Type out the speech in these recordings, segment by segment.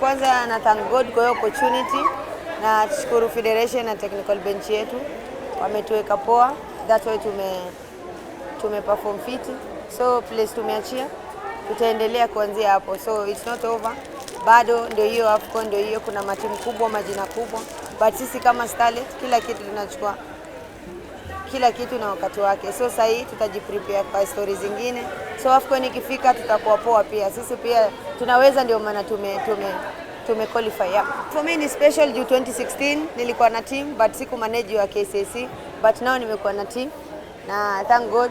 Kwanza na thank God kwa hiyo opportunity na tushukuru federation na technical bench yetu wametuweka poa, that way tume tume perform fiti, so place tumeachia, tutaendelea kuanzia hapo, so it's not over bado, ndio hiyo AFCON, ndio hiyo kuna matimu kubwa, majina kubwa, but sisi kama starlet kila kitu tunachukua kila kitu na wakati wake. So sasa hii tutajiprepare kwa stories zingine, so AFCON ikifika tutakuwa poa, pia sisi pia tunaweza, ndio maana tume, tume tume qualify yeah. For me ni special juu 2016 nilikuwa na team but siku manage wa KCC e. but now nimekuwa na team na thank God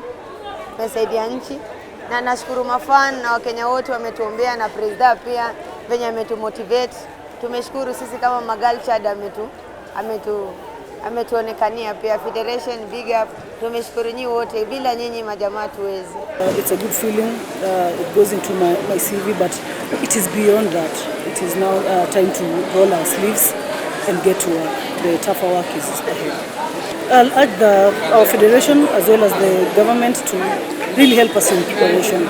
mesaidia nchi na nashukuru mafan na Wakenya wote wametuombea na president pia venye ametumotivate. Tumeshukuru sisi kama Magalchad ametu ametu ametuonekania pia Federation big up. Tumeshukuru nyinyi wote, bila nyinyi majamaa tuwezi. Uh, it's a good feeling uh, it goes into my, my CV but it is beyond that it is now uh, time to roll our sleeves and get to work. The tougher work is ahead. I'll urge the, our federation as well as the government to really help us in preparation.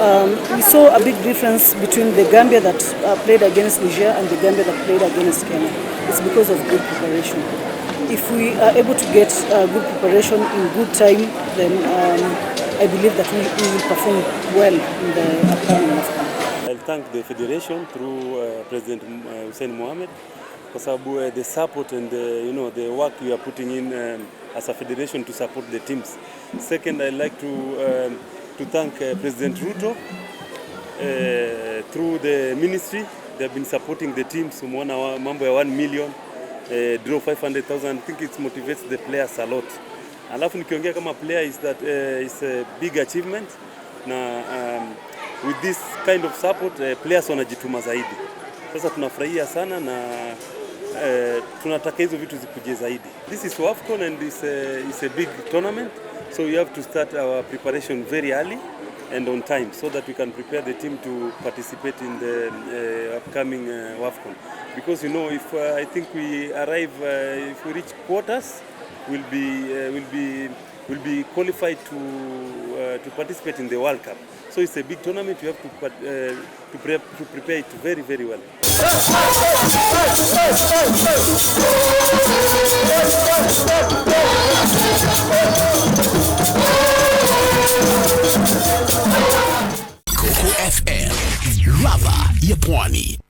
Um, we saw a big difference between the Gambia that uh, played against Niger and the Gambia that played against Kenya. It's because of good preparation. If we are able to get uh, good preparation in good time, then um, I believe that we, we will perform well in the upcoming I thank the federation through uh, President uh, Hussein Mohamed kwa uh, the support and the, you know, the work you are putting in um, as a federation to support the teams. Second, I like to um, to thank uh, President Ruto uh, through the ministry they have been supporting the teams Umeona mambo ya 1 million uh, draw 500,000 I think it motivates the players a lot. Alafu nikiongea kama player is that uh, is a big achievement na um, with this kind of support uh, players wanajituma zaidi. Sasa tunafurahia sana na tunataka hizo vitu zikuje zaidi. This is AFCON and it's a, it's a big tournament so we have to start our preparation very early and on time so that we can prepare the team to participate in the uh, upcoming uh, AFCON because you know if uh, I think we arrive uh, if we reach quarters we'll be uh, we'll be will be qualified to uh, to participate in the World Cup. So it's a big tournament. You have to uh, to, pre to prepare it very very well. Coco FM, Lava, ya